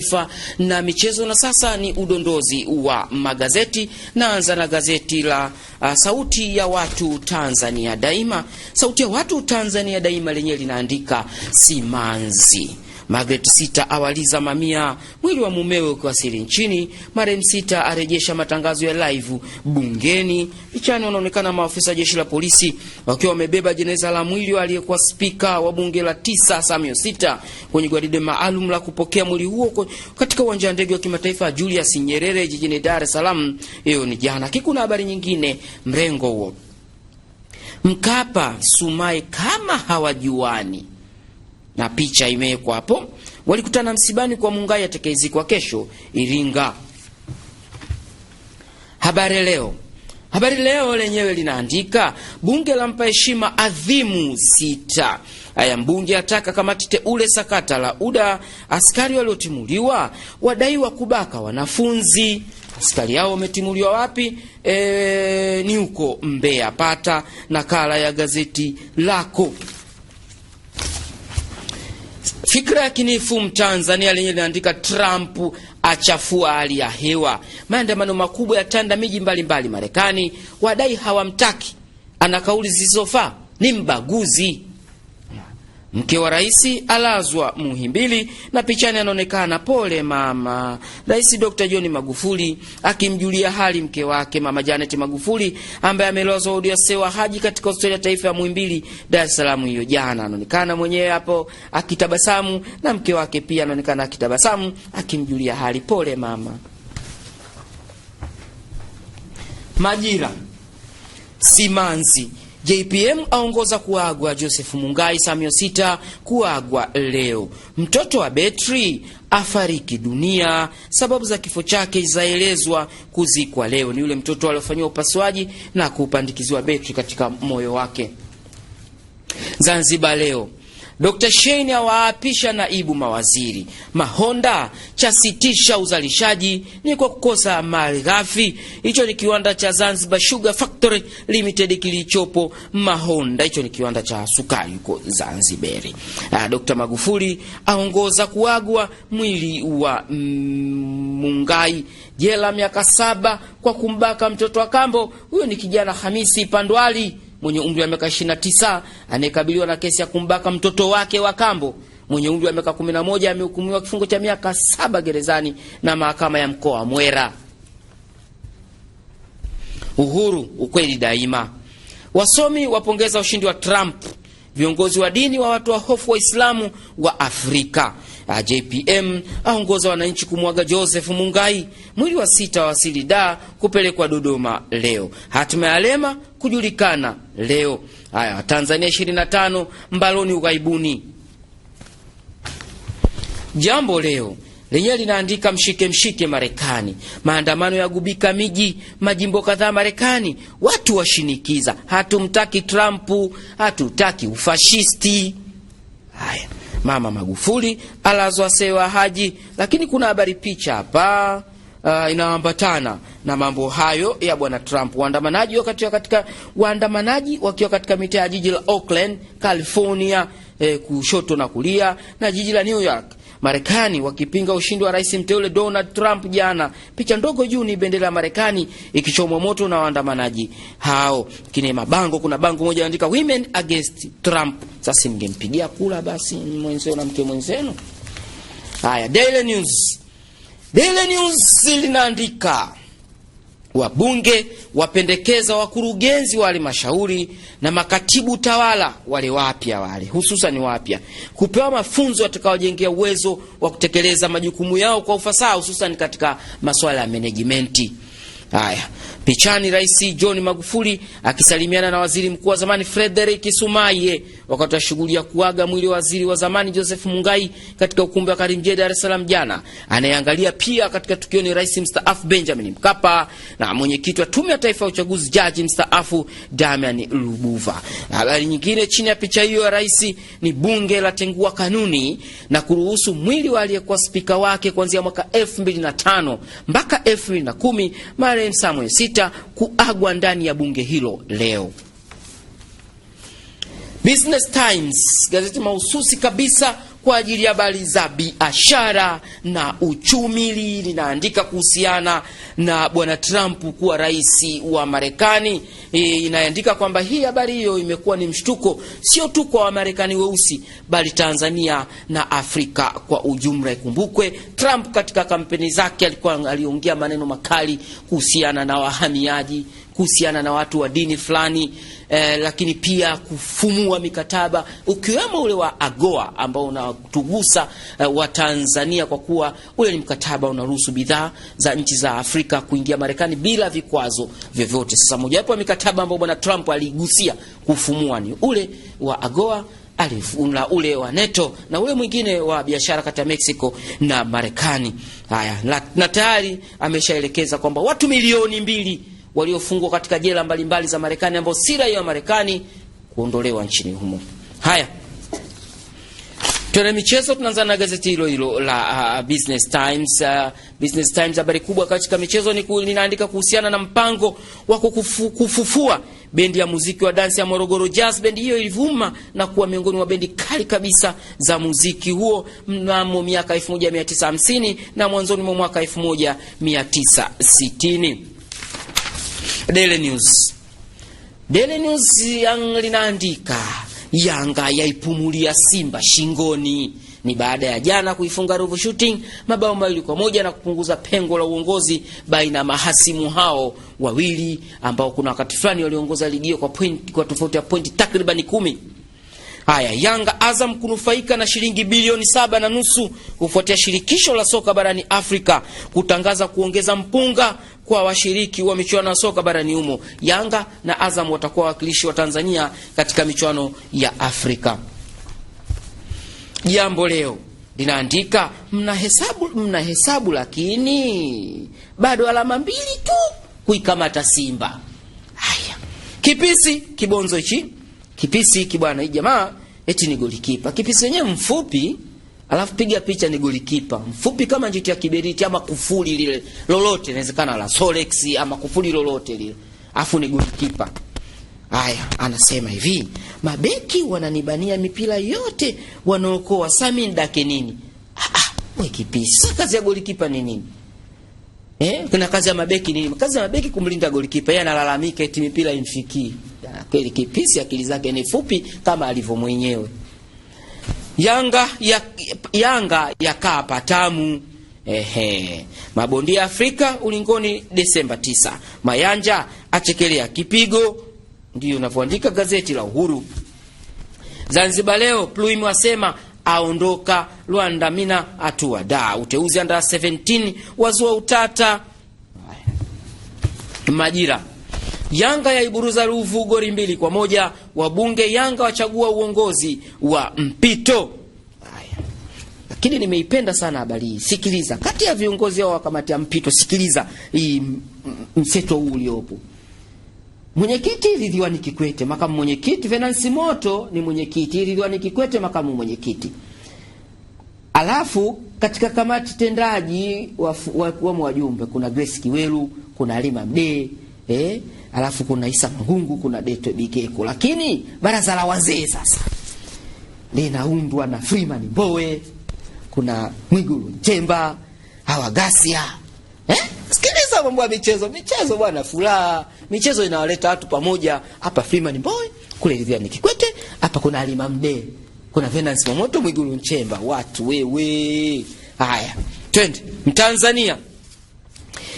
Taifa na michezo. Na sasa ni udondozi wa magazeti. Naanza na gazeti la uh, Sauti ya Watu Tanzania Daima. Sauti ya Watu Tanzania Daima lenyewe linaandika simanzi Margaret Sita awaliza mamia. Mwili wa mumewe ukiwasili nchini, marehemu Sita arejesha matangazo ya live bungeni. Pichani wanaonekana maafisa jeshi la polisi wakiwa wamebeba jeneza la mwili aliyekuwa spika wa bunge la tisa Samuel Sita kwenye gwaride maalum la kupokea mwili huo katika uwanja wa ndege wa kimataifa Julius Nyerere jijini Dar es Salaam. Hiyo ni jana. Kikuna habari nyingine mrengo huo Mkapa Sumai kama hawajuani na picha imewekwa hapo. Walikutana msibani kwa Mungai atakayezikwa kesho Iringa. Habari Leo. Habari Leo lenyewe linaandika bunge lampa heshima adhimu sita. aya mbunge ataka kamati teule sakata la UDA. Askari waliotimuliwa wadaiwa kubaka wanafunzi. Askari hao wametimuliwa wapi? E, ni huko Mbeya. Pata nakala ya gazeti lako. Fikra ya kinifu Mtanzania lenye linaandika Trump achafua hali ya hewa. Maandamano makubwa ya tanda miji mbalimbali Marekani, wadai hawamtaki, ana kauli zisizofaa, ni mbaguzi. Mke wa rais alazwa Muhimbili na pichani anaonekana pole mama. Rais Dr. John Magufuli akimjulia hali mke wake Mama Janet Magufuli ambaye amelazwa wodi ya Sewa Haji katika hospitali ya taifa ya Muhimbili, Dar es Salaam hiyo jana. Anaonekana mwenyewe hapo akitabasamu na mke wake pia anaonekana akitabasamu akimjulia hali pole mama. Majira Simanzi JPM aongoza kuagwa, Joseph Mungai Samio sita kuagwa leo. Mtoto wa betri afariki dunia, sababu za kifo chake zaelezwa kuzikwa leo. Ni yule mtoto aliofanyiwa upasuaji na kupandikiziwa betri katika moyo wake. Zanzibar leo Dr. Shein awaapisha naibu mawaziri. Mahonda chasitisha uzalishaji ni kwa kukosa malighafi. Hicho ni kiwanda cha Zanzibar Sugar Factory Limited kilichopo Mahonda. Hicho ni kiwanda cha sukari huko Zanzibari. Ah, Dr. Magufuli aongoza kuagwa mwili wa mm, Mungai jela miaka saba kwa kumbaka mtoto wa kambo. Huyo ni kijana Hamisi Pandwali mwenye umri wa miaka 29 anayekabiliwa na kesi ya kumbaka mtoto wake wa kambo mwenye umri wa miaka 11 amehukumiwa kifungo cha miaka saba gerezani na mahakama ya mkoa wa Mwera. Uhuru, ukweli daima. Wasomi wapongeza ushindi wa Trump. Viongozi wa dini wa watu wa hofu Waislamu wa Afrika. JPM aongoza wananchi kumwaga Joseph Mungai. Mwili wa sita wawasili da kupelekwa Dodoma leo. Hatima ya Lema kujulikana leo. Haya, Tanzania 25 mbaloni ughaibuni. Jambo Leo lenyewe linaandika mshike mshike Marekani, maandamano ya gubika miji majimbo kadhaa Marekani, watu washinikiza, hatumtaki Trump, hatutaki ufashisti. Haya, Mama Magufuli alazwa sewa haji, lakini kuna habari picha hapa uh, inaambatana na mambo hayo ya bwana Trump. Waandamanaji wakiwa katika, waandamanaji wakiwa katika mitaa ya jiji la Oakland, California eh, kushoto na kulia na jiji la New York Marekani wakipinga ushindi wa rais mteule Donald Trump jana. Picha ndogo juu ni bendera ya Marekani ikichomwa moto na waandamanaji hao. Kine mabango, kuna bango moja andika women against Trump. Sasa ningempigia kula basi mwenzenu na mke mwenzenu. Haya, Daily News Daily News linaandika wabunge wapendekeza wakurugenzi wa halmashauri na makatibu tawala wale wapya wale hususan wapya kupewa mafunzo watakaojengea uwezo wa kutekeleza majukumu yao kwa ufasaha hususan katika masuala ya menejimenti. Haya, Pichani Rais John Magufuli akisalimiana na waziri mkuu wa zamani Frederick Sumaye wakati wa shughuli ya kuaga mwili wa waziri wa zamani Joseph Mungai katika ukumbi wa Karimjee, Dar es Salaam jana. Anayeangalia pia katika tukio ni rais mstaafu Benjamin Mkapa na mwenyekiti wa Tume ya Taifa ya Uchaguzi jaji mstaafu Damian Lubuva. Habari nyingine chini ya picha hiyo ya rais ni bunge la tengua kanuni na kuruhusu mwili wa aliyekuwa spika wake kuanzia mwaka 2005 mpaka 2010 marehemu Samuel Sitta sita kuagwa ndani ya bunge hilo leo. Business Times, gazeti mahususi kabisa kwa ajili ya habari za biashara na uchumi. Hili linaandika kuhusiana na bwana Trump kuwa rais wa Marekani. E, inaandika kwamba hii habari hiyo imekuwa ni mshtuko sio tu kwa Wamarekani weusi bali Tanzania na Afrika kwa ujumla. Ikumbukwe Trump katika kampeni zake alikuwa aliongea maneno makali kuhusiana na wahamiaji kuhusiana na watu wa dini fulani eh, lakini pia kufumua mikataba ukiwemo ule wa AGOA ambao unatugusa eh, wa Tanzania kwa kuwa ule ni mkataba unaruhusu bidhaa za nchi za Afrika kuingia Marekani bila vikwazo vyovyote. Sasa mojawapo wa mikataba ambao bwana Trump aliigusia kufumua ni ule wa AGOA alifuna ule wa NATO na ule mwingine wa biashara kati ya Mexico na Marekani. Haya, na tayari ameshaelekeza kwamba watu milioni mbili waliofungwa katika jela mbalimbali za Marekani ambao si raia wa Marekani kuondolewa nchini humo. Haya, tuna michezo tunaanza na gazeti hilo hilo la uh, Business Times. Uh, Business Times habari kubwa katika michezo ni linaandika kuhusiana na mpango wa kufufua bendi ya muziki wa dansi ya Morogoro Jazz. Bendi hiyo ilivuma na kuwa miongoni mwa bendi kali kabisa za muziki huo mnamo miaka 1950 na mwanzoni mwa mwaka 1960. Daily News. Daily News yang linaandika Yanga yaipumulia Simba shingoni ni baada ya jana kuifunga Ruvu Shooting mabao mawili kwa moja na kupunguza pengo la uongozi baina ya mahasimu hao wawili ambao kuna wakati fulani waliongoza ligi kwa point, kwa tofauti ya pointi takribani kumi. Haya, Yanga Azam kunufaika na shilingi bilioni saba na nusu kufuatia shirikisho la soka barani Afrika kutangaza kuongeza mpunga kwa washiriki wa michuano ya soka barani humo. Yanga na Azam watakuwa wawakilishi wa Tanzania katika michuano ya Afrika. Jambo Leo linaandika mnahesabu, mnahesabu lakini bado alama mbili tu kuikamata Simba. Haya, kipisi kibonzo hichi, kipisi kibwana, hii jamaa eti ni golikipa. Kipisi wenyewe mfupi alafu piga picha ni golikipa mfupi kama njiti ya kiberiti ama kufuli lile lolote, inawezekana la Solex ama kufuli lolote lile, afu ni golikipa. aya anasema hivi, mabeki wananibania mipira yote, wanaokoa sami ndake nini? Ah, ah, we kipisa, kazi ya golikipa ni nini? Eh, kuna kazi ya mabeki nini? Kazi ya mabeki kumlinda golikipa. Yeye analalamika eti mipira imfikii. Kweli kipisi, akili zake ni fupi kama alivyo mwenyewe. Yanga ya, Yanga yakaa patamu. Ehe. Mabondia Afrika ulingoni Desemba 9. Mayanja achekelea kipigo, ndio unavyoandika gazeti la Uhuru. Zanzibar leo Pluim wasema aondoka Rwanda mina atua da uteuzi under 17 wazua utata. Majira Yanga yaiburuza Ruvu goli mbili kwa moja. Wabunge Yanga wachagua uongozi wa mpito. lakini nimeipenda sana habari hii. Sikiliza, kati ya viongozi hao wa kamati ya mpito, sikiliza hii mseto huu uliopo. Mwenyekiti Ridhiwani Kikwete, makamu mwenyekiti Venansi Moto ni mwenyekiti, Ridhiwani Kikwete makamu mwenyekiti. Alafu katika kamati tendaji wamo wajumbe, kuna Grace Kiweru, kuna Halima Mdee eh, alafu kuna Isa Mangungu, kuna Deto Bikeko. Lakini baraza la wazee sasa linaundwa na Freeman Mbowe, kuna Mwigulu Nchemba, hawa Gasia eh? Sikiliza mambo ya michezo, michezo bwana, furaha. Michezo inawaleta watu pamoja. Hapa Freeman Mbowe, kule Vivian Kikwete, hapa kuna Halima Mdee, kuna Venance Momoto, Mwigulu Nchemba. Watu wewe, haya twende Mtanzania.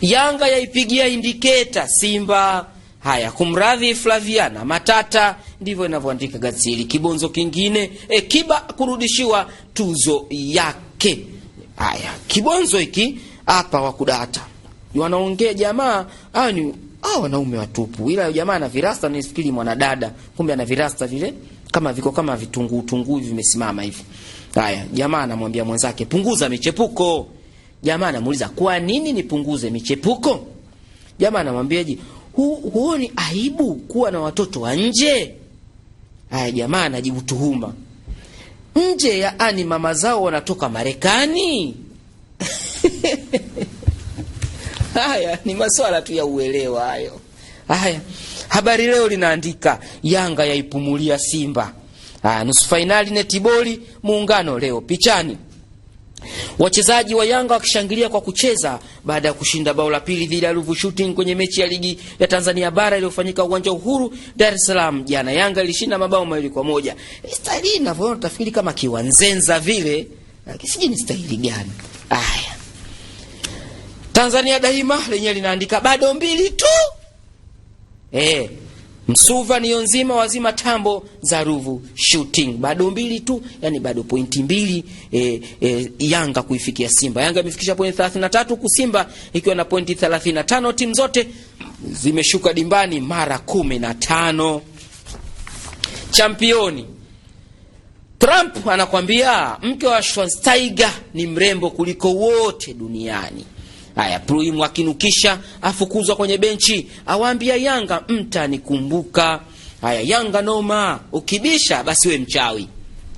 Yanga yaipigia indiketa Simba Haya, kumradhi Flaviana Matata, ndivyo inavyoandika gazeti Kibonzo kingine e, Kiba kurudishiwa tuzo yake. Haya, kibonzo hiki hapa wa kudata wanaongea jamaa hao ni hao wanaume watupu, ila jamaa ana virasta, nisifikiri mwanadada, kumbe ana virasta vile kama viko kama vitunguu tunguu vimesimama hivi. Haya, jamaa anamwambia mwenzake punguza michepuko. Jamaa anamuuliza kwa nini nipunguze michepuko? Jamaa anamwambiaje, hu, huoni aibu kuwa na watoto wa nje? Haya, jamaa anajibu tuhuma nje, yaani mama zao wanatoka Marekani. Haya ni maswala tu ya uelewa hayo. Haya, Habari Leo linaandika Yanga yaipumulia Simba. nusu fainali netiboli muungano leo pichani Wachezaji wa Yanga wakishangilia kwa kucheza baada ya kushinda bao la pili dhidi ya Ruvu Shooting kwenye mechi ya ligi ya Tanzania bara iliyofanyika uwanja Uhuru Dar es Salaam jana. Yanga ilishinda mabao mawili kwa moja. Eh, Staili ninavyoona tafikiri kama kiwanzenza vile, lakini sijui ni stahili gani. aya Tanzania Daima lenyewe linaandika bado mbili tu eh. Msuva niyo nzima wazima tambo za Ruvu shooting bado mbili tu, yani bado pointi mbili e, e, Yanga kuifikia Simba. Yanga imefikisha pointi 33 huku Simba ikiwa na pointi tano Timu zote zimeshuka dimbani mara kumi na tano. Championi Trump anakwambia mke wa Schweinsteiger ni mrembo kuliko wote duniani. Aya, Pruimu akinukisha, afukuzwa kwenye benchi, awaambia Yanga mtanikumbuka. Aya, Yanga noma, ukibisha basi we mchawi.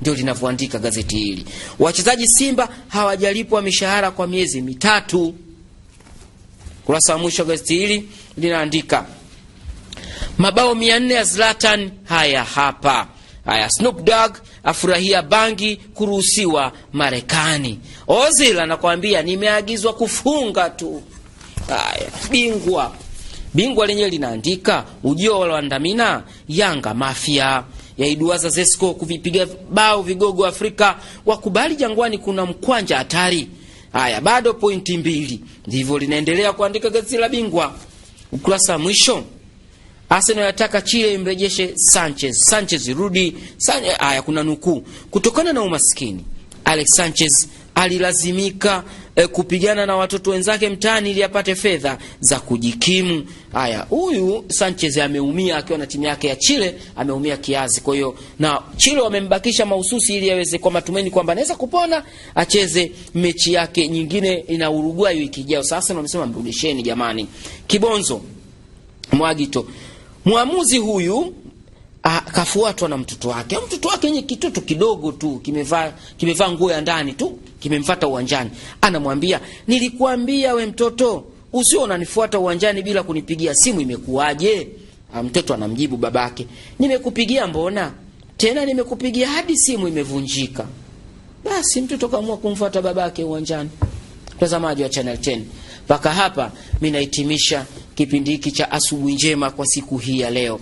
Ndio linavyoandika gazeti hili. Wachezaji Simba hawajalipwa mishahara kwa miezi mitatu. Kurasa wa mwisho gazeti hili linaandika mabao mia nne ya Zlatan haya hapa. Aya, Snoop Dogg afurahia bangi kuruhusiwa Marekani. Ozil anakwambia nimeagizwa kufunga tu. Haya, bingwa bingwa lenyewe linaandika ujio wa Lwandamina, Yanga Mafia yaiduaza Zesco kuvipiga bao vigogo Afrika, wakubali Jangwani kuna mkwanja hatari. Haya, bado pointi mbili, ndivyo linaendelea kuandika gazeti la Bingwa ukurasa wa mwisho. Arsenal yataka Chile imrejeshe Sanchez, Sanchez rudi. Haya, kuna nukuu, kutokana na umaskini Alex Sanchez alilazimika e, kupigana na watoto wenzake mtaani ili apate fedha za kujikimu. Haya, huyu Sanchez ameumia akiwa na timu yake ya Chile, ameumia kiazi. Kwa hiyo na Chile wamembakisha mahususi ili aweze kwa matumaini kwamba anaweza kupona acheze mechi yake nyingine ina Uruguay wiki ijayo. Sasa wamesema mrudisheni jamani. Kibonzo Mwagito. Mwamuzi huyu akafuatwa ah, na mtoto wake. Mtoto wake enye kitoto kidogo tu kimevaa kimevaa nguo ya ndani tu kimemfata uwanjani, anamwambia nilikuambia we mtoto, usio unanifuata uwanjani bila kunipigia simu, imekuwaje? Ah, mtoto anamjibu babake, nimekupigia mbona tena, nimekupigia hadi simu imevunjika. Basi mtoto kaamua kumfuata babake uwanjani. Mtazamaji wa Channel 10, mpaka hapa mimi nahitimisha kipindi hiki cha Asubuhi Njema kwa siku hii ya leo.